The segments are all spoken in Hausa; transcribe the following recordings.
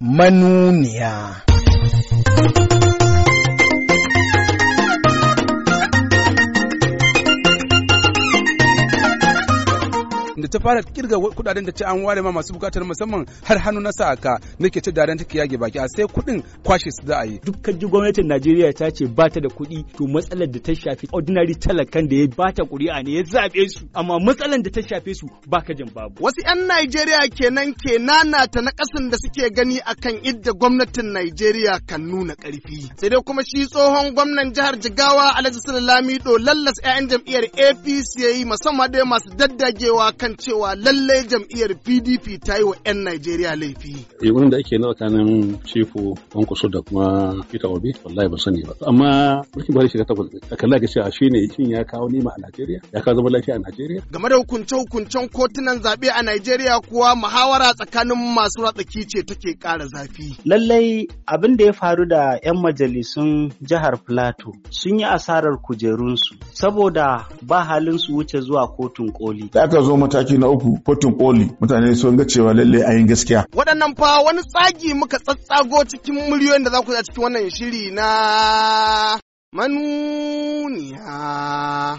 manuniya. da ta fara kirga kudaden da ce an ware ma masu bukatar musamman har hannu na sa'aka nake ce daren take yage baki a sai kudin kwashe su za a yi dukkan ji gwamnatin Najeriya ta ce ba ta da kuɗi to matsalar da ta shafi ordinary talakan da ya ba ta kuri'a ne ya zabe su amma matsalar da ta shafe su ba ka jin babu wasu 'yan Najeriya kenan ke ta na kasan da suke gani akan idda gwamnatin Najeriya kan nuna ƙarfi sai dai kuma shi tsohon gwamnan jihar Jigawa Alhaji Sulami do lallas 'ya'yan jam'iyyar APC yayi musamman dai masu daddagewa kan cewa lallai jam'iyyar PDP ta yi wa 'yan Najeriya laifi. Yigunin eh, da ake nawa kanin Chifu Kwankwaso da kuma Peter Obi wallahi ban sani ba. Amma mulkin Buhari shiga takwas a kalla ga cewa shi ne shin ya kawo nima a Najeriya ya kawo zama lafiya a Najeriya. Game da hukunce-hukuncen kotunan zaɓe a Najeriya kuwa muhawara tsakanin masu ratsaki ce take ƙara zafi. Lallai abin da ya faru da 'yan majalisun jihar Plateau sun yi asarar kujerunsu saboda ba halin su wuce zuwa kotun koli. Za ka zo mataki mataki na uku kotun koli mutane sun ga cewa lalle ayin gaskiya waɗannan fa wani tsagi muka tsatsago cikin miliyoyin da za ku a cikin wannan shiri na manuniya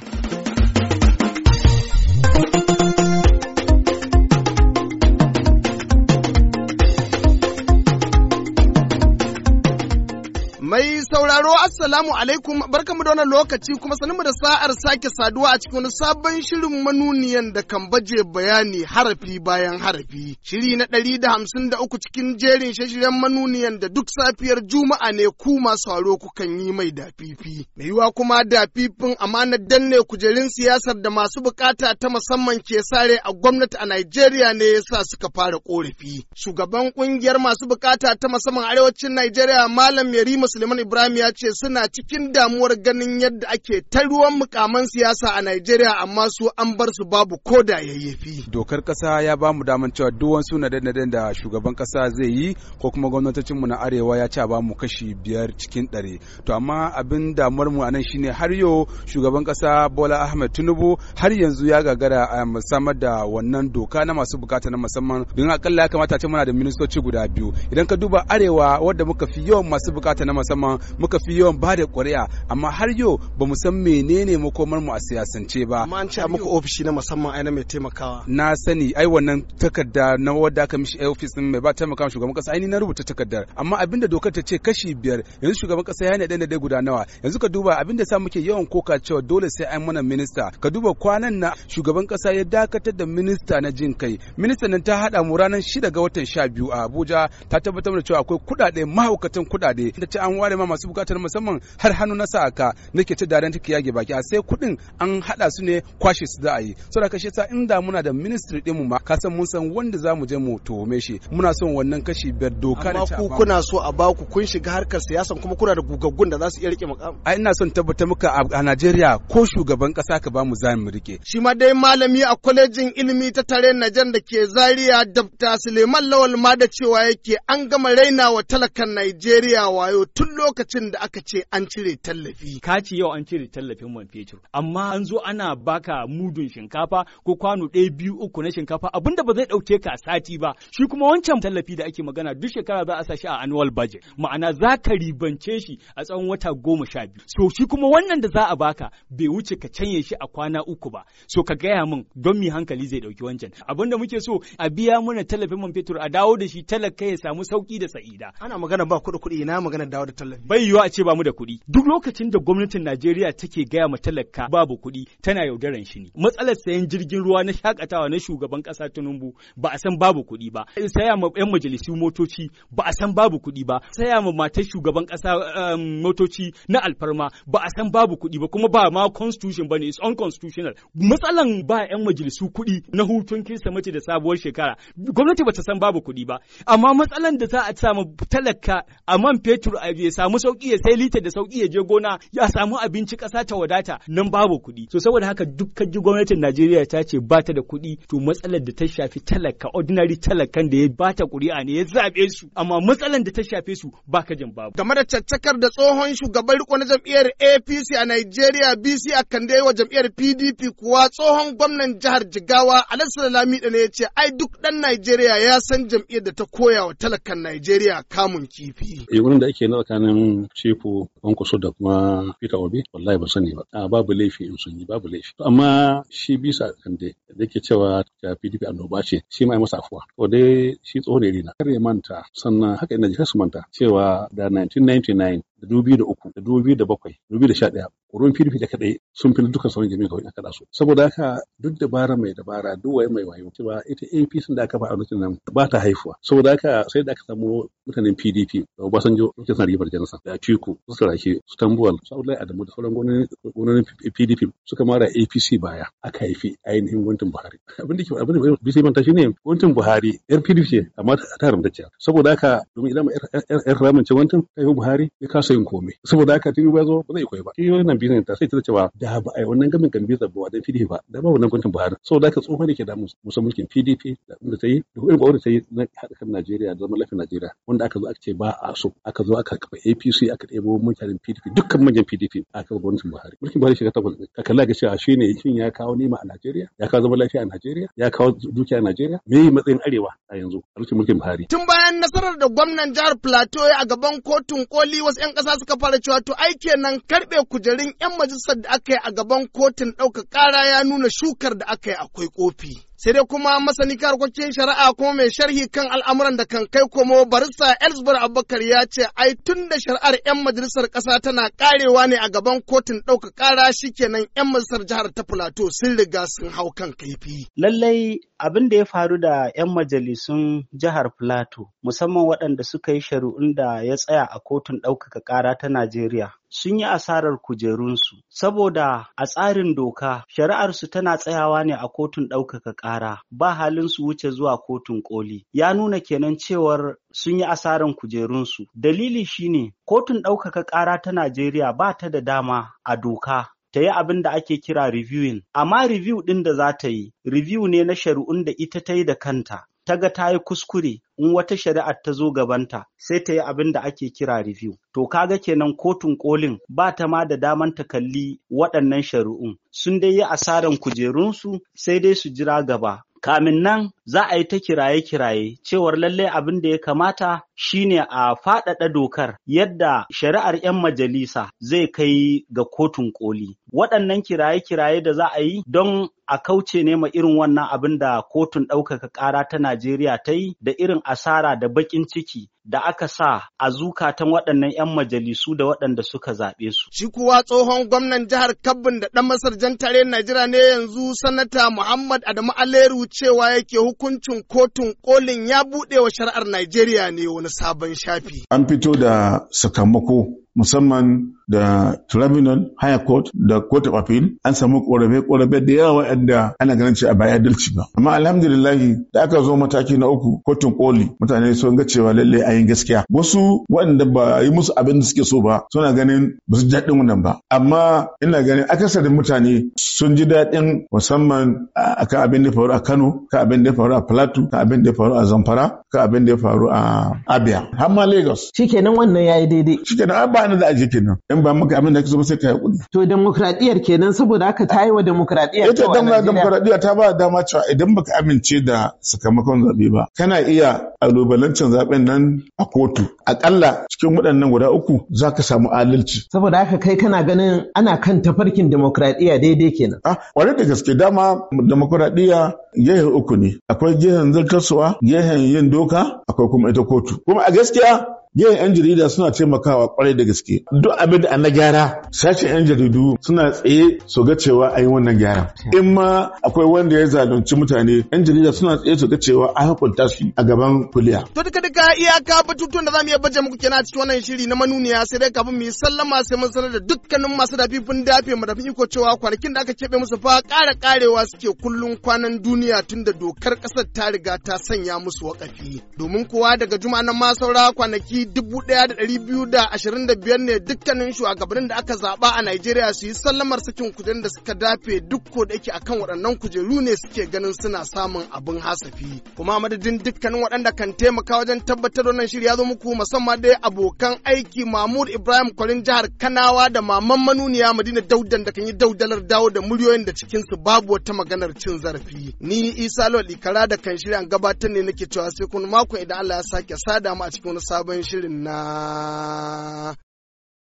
Mai sauraro Assalamu alaikum barkamu da wannan lokaci kuma sanin da sa'ar sake saduwa a cikin wani sabon shirin manuniyan da kan baje bayani harafi bayan harafi. Shiri na ɗari da hamsin da uku cikin jerin shashiren manuniyan da duk safiyar Juma'a ne ku masu haro kukan yi mai dafifi. Mai yiwa kuma dafifin amanar danne kujerun siyasar da masu bukata ta musamman ke sare a gwamnati a Najeriya ne yasa suka fara korafi. Shugaban kungiyar masu bukata ta musamman arewacin Najeriya Malam Yarima Suleiman Ibrahim ya ce suna cikin damuwar ganin yadda ake ta ruwan mukaman siyasa a Najeriya amma su an bar su babu ko da yayyafi. Dokar kasa ya ba mu daman cewa duk wasu naden da shugaban kasa zai yi ko kuma mu na Arewa ya ce ba mu kashi biyar cikin ɗari. To amma abin damuwar mu anan shine har yau shugaban kasa Bola Ahmed Tinubu har yanzu ya gagara a um, samar da wannan doka na masu bukata na musamman don akalla ya kamata ce muna da ministoci guda biyu. Idan ka duba Arewa wadda muka fi yawan masu bukata na sama muka fi yawan ba da ƙuri'a amma har yau ba mu san menene makomar mu a siyasance ba amma an ce muku ofishi na musamman aina mai taimakawa na sani ai wannan takarda na wadda aka mishi office din mai ba taimaka shugaban kasa ai na rubuta takardar amma abinda dokar ta ce kashi biyar yanzu shugaban kasa ya naɗe naɗe guda nawa yanzu ka duba abinda sa muke yawan koka cewa dole sai an mana minista ka duba kwanan na shugaban kasa ya dakatar da minista na jin kai minista nan ta haɗa mu ranar shida ga watan sha biyu a abuja ta tabbatar da cewa akwai kuɗaɗe mahaukatan kuɗaɗe ta an ware ma masu bukatar musamman har hannu na sa aka nake ta daren take yage baki a sai kuɗin an haɗa su ne kwashe su za a yi saboda kashe ta inda muna da ministry mu ma ka san mun san wanda za mu je mu tuhume shi muna son wannan kashi biyar doka da ku kuna so a ba ku kun shiga harkar siyasan kuma kuna da gugaggun da za su iya rike makam a ina son tabbatar muka a Najeriya ko shugaban kasa ka ba mu za mu rike shi ma dai malami a kwalejin ilimi ta tare Najan da ke zariya Dr. Suleiman Lawal ma da cewa yake an gama raina wa talakan Najeriya wayo tun duk lokacin da aka ce an cire tallafi. Ka ce yau an cire tallafin man fetur, amma an zo ana baka mudun shinkafa ko kwano ɗaya biyu uku na shinkafa abin da ba zai ɗauke ka sati ba. Shi kuma wancan tallafi da ake magana duk shekara za a sa shi a annual budget, ma'ana za ka ribance shi a tsawon wata goma sha biyu. So shi kuma wannan da za a baka bai wuce ka canye shi a kwana uku ba. So ka gaya min don mi hankali zai ɗauki wancan. Abin da muke so a biya mana tallafin man fetur a dawo da shi talaka ya samu sauki da sa'ida. Ana magana ba kuɗi kuɗi ina magana dawo da tallafi bai yiwuwa a ce ba mu da kuɗi duk lokacin da gwamnatin Najeriya take gaya ma talaka babu kuɗi tana yaudaran shi ne matsalar sayan jirgin ruwa na shakatawa na shugaban ƙasa Tinubu ba a san babu kuɗi ba saya ma yan majalisu motoci ba a san babu kuɗi ba saya ma matar shugaban ƙasa um, motoci na alfarma ba a san babu kuɗi ba kuma ba ma constitution ba ne it's unconstitutional matsalan ba yan majalisu kuɗi na hutun mace da sabuwar shekara gwamnati ba ta san babu kuɗi ba amma matsalan da za a samu talaka a man fetur a ya samu sauki ya sai litar da sauki ya je gona ya samu abinci ƙasa ta wadata nan babu kuɗi. So saboda haka dukkan ji gwamnatin Najeriya ta ce ba ta da kuɗi to matsalar da ta shafi talaka ordinary talakan da ya ba ta ƙuri'a ne ya zaɓe su amma matsalar da ta shafe su ba ka jin babu. Game da caccakar da tsohon shugaban riko na jam'iyyar APC a Najeriya BC a kan wa jam'iyyar PDP kuwa tsohon gwamnan jihar Jigawa Alhassan da ne ya ce ai duk dan Najeriya ya san jam'iyyar da ta koya wa talakan Najeriya kamun kifi. Eh wannan da ake nawa tsakanin Cifu Kwankwaso da kuma Peter Obi wallahi ba sani ba a babu laifi in sun yi babu laifi amma shi bisa kande da ke cewa ta PDP annoba ce shi ma ya masa afuwa to dai shi tsohon ne na kar ya manta sannan haka ina ji su manta cewa da 1999 da dubi da uku da dubi da bakwai da dubi da sha ɗaya ƙuri'un pdp da kaɗai sun fi dukkan sauran jami'in kawai kaɗa su saboda haka duk dabara mai dabara duk waye mai wayo ba ita apc da aka ba faɗa lokacin nan ba ta haifuwa saboda haka sai da aka samu mutanen pdp da obasanjo lokacin sa ribar jansa da atiku su sarake su tambuwal su abdullahi adamu da sauran gwamnonin pdp suka mara apc baya aka haifi ainihin gwamnatin buhari abin da ke abin da bisa manta shine gwamnatin buhari yar pdp ce amma ta haramta saboda haka domin idan yar ramance gwamnatin ta buhari ya kasu kasa yin komai saboda haka tinubu ba zo ba zai koyi ba shi wannan bizin ta sai ta cewa da ba ai wannan gamin kan bizin ba dan fidi ba da ba wannan gwamnatin Buhari saboda haka tsohon ne ke da musa mulkin PDP da inda ta yi da irin gwamnati ta yi na haɗa kan Najeriya da zaman lafiyar Najeriya wanda aka zo aka ce ba a so aka zo aka kafa APC aka ɗebo mutanen PDP dukkan manyan PDP a kan gwamnatin Buhari mulkin Buhari shiga takwas ka kalla ga cewa shine shin ya kawo nema a Najeriya ya kawo zaman lafiya a Najeriya ya kawo dukiya a Najeriya me matsayin arewa a yanzu a mulkin Buhari tun bayan nasarar da gwamnan jihar Plateau a gaban kotun koli wasu 'yan ƙasa suka fara cewa to ai kenan karɓe kujerun 'yan majalisar da aka yi a gaban kotun ɗaukar ƙara ya nuna shukar da aka yi akwai kofi sai dai kuma masani harkokin shari'a ko mai sharhi kan al'amuran da kan kai komo barista elsbar abubakar ya ce ai tun da shari'ar 'yan majalisar ƙasa tana karewa ne a gaban kotun ɗauka ƙara shikenan 'yan majalisar jihar ta plateau sun riga sun hau kan kaifi. lallai abin da ya faru da 'yan majalisun jihar plateau musamman waɗanda suka yi shari'un da ya tsaya a kotun ɗaukaka ƙara ta najeriya sun yi asarar kujerunsu saboda a tsarin doka shari'arsu tana tsayawa ne a kotun ɗaukaka ƙara ba halin su wuce zuwa kotun koli ya nuna kenan cewar sun yi asarar kujerunsu dalili shine kotun ɗaukaka ƙara ta najeriya ba ta da dama a doka ta yi abin da ake kira reviewing amma review ɗin da za ta yi review ne na shari'un da ita ta yi da kanta ta ga ta yi kuskure in wata shari'a ta zo gabanta sai ta yi abin da ake kira review. To kaga kenan kotun kolin ba ta ma da daman ta kalli waɗannan shari'un sun dai yi asaran kujerunsu sai dai su jira gaba. Kamin nan za a yi ta kiraye-kiraye cewar lallai abin da ya kamata shine a faɗaɗa dokar yadda shari'ar 'yan majalisa zai kai ga kotun koli. Waɗannan kiraye-kiraye da za a yi don a kauce ne ma irin wannan abin da kotun ɗaukaka ƙara ta Najeriya ta yi da irin asara da baƙin ciki da aka sa a zukatan waɗannan 'yan majalisu da waɗanda suka zaɓe su. Shi kuwa tsohon gwamnan jihar Kabbin da ɗan masar tare Najeriya ne yanzu sanata Muhammad Adamu Aleru cewa yake hukuncin kotun kolin ya buɗe wa shari'ar Najeriya ne wani sabon shafi. An fito da sakamako musamman da tribunal higher court da court of appeal an samu korafe-korafe da yawa waɗanda ana ganin cewa ba dalci ba amma alhamdulillah da aka zo mataki na uku kotun koli mutane sun ga cewa lallai ayin gaskiya wasu waɗanda ba yi musu abin da suke so ba suna ganin ba su daɗin wannan ba amma ina ganin akasarin mutane sun ji daɗin musamman akan abin da faru a Kano ka abin da faru a Plateau ka abin da faru a Zamfara ka abin da faru a Abia har ma Lagos shikenan wannan yayi daidai shikenan ba ni da aji kenan idan ba maka amince da kake ba sai ka hakuri to demokradiyar kenan saboda haka ta yi wa demokradiyar ita demokradiyar ta ba dama cewa idan baka amince da sakamakon zabe ba kana iya alubalancin zaben nan a kotu akalla cikin waɗannan guda uku za ka samu adalci saboda haka kai kana ganin ana kan tafarkin demokradiyya daidai kenan ah wani da gaske dama demokradiyya gehen uku ne akwai gehen zartaswa gehen yin doka akwai kuma ita kotu kuma a gaskiya Yin 'yan jarida suna taimakawa kwarai da gaske. Duk abin da an na gyara, sashen 'yan jaridu suna tsaye su ga cewa an yi wannan gyara. In ma akwai wanda ya zalunci mutane, 'yan jarida suna tsaye su ga cewa an hukunta shi a gaban kuliya. To duka duka iyaka batutuwan da za mu iya baje muku kenan cikin wannan shiri na manuniya sai dai kafin mu yi sallama sai mun sanar da dukkanin masu dafifin dafe mu iko cewa kwanakin da aka keɓe musu fa ƙara ƙarewa suke kullum kwanan duniya tun da dokar ƙasar ta riga ta sanya musu wakafi. Domin kowa daga juma'a nan ma saura kwanaki wakili dubu ɗaya da ɗari biyu da ashirin da biyar ne dukkanin shugabannin da aka zaɓa a Najeriya su yi sallamar sakin kuɗin da suka dafe duk ko da yake akan waɗannan kujeru ne suke ganin suna samun abin hasafi. Kuma madadin dukkanin waɗanda kan taimaka wajen tabbatar wannan shiri ya zo muku musamman dai abokan aiki Mahmud Ibrahim Kwarin jihar Kanawa da Maman Manuniya Madina Daudan da kan yi daudalar dawo da muryoyin da cikinsu babu wata maganar cin zarafi. Ni Isa Lawal kara da kan shirya gabatar ne nake cewa sai kun mako idan Allah ya sake sada mu a cikin wani sabon shirin na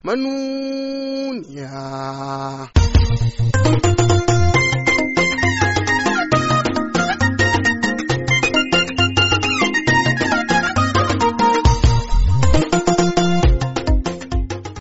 manuniya.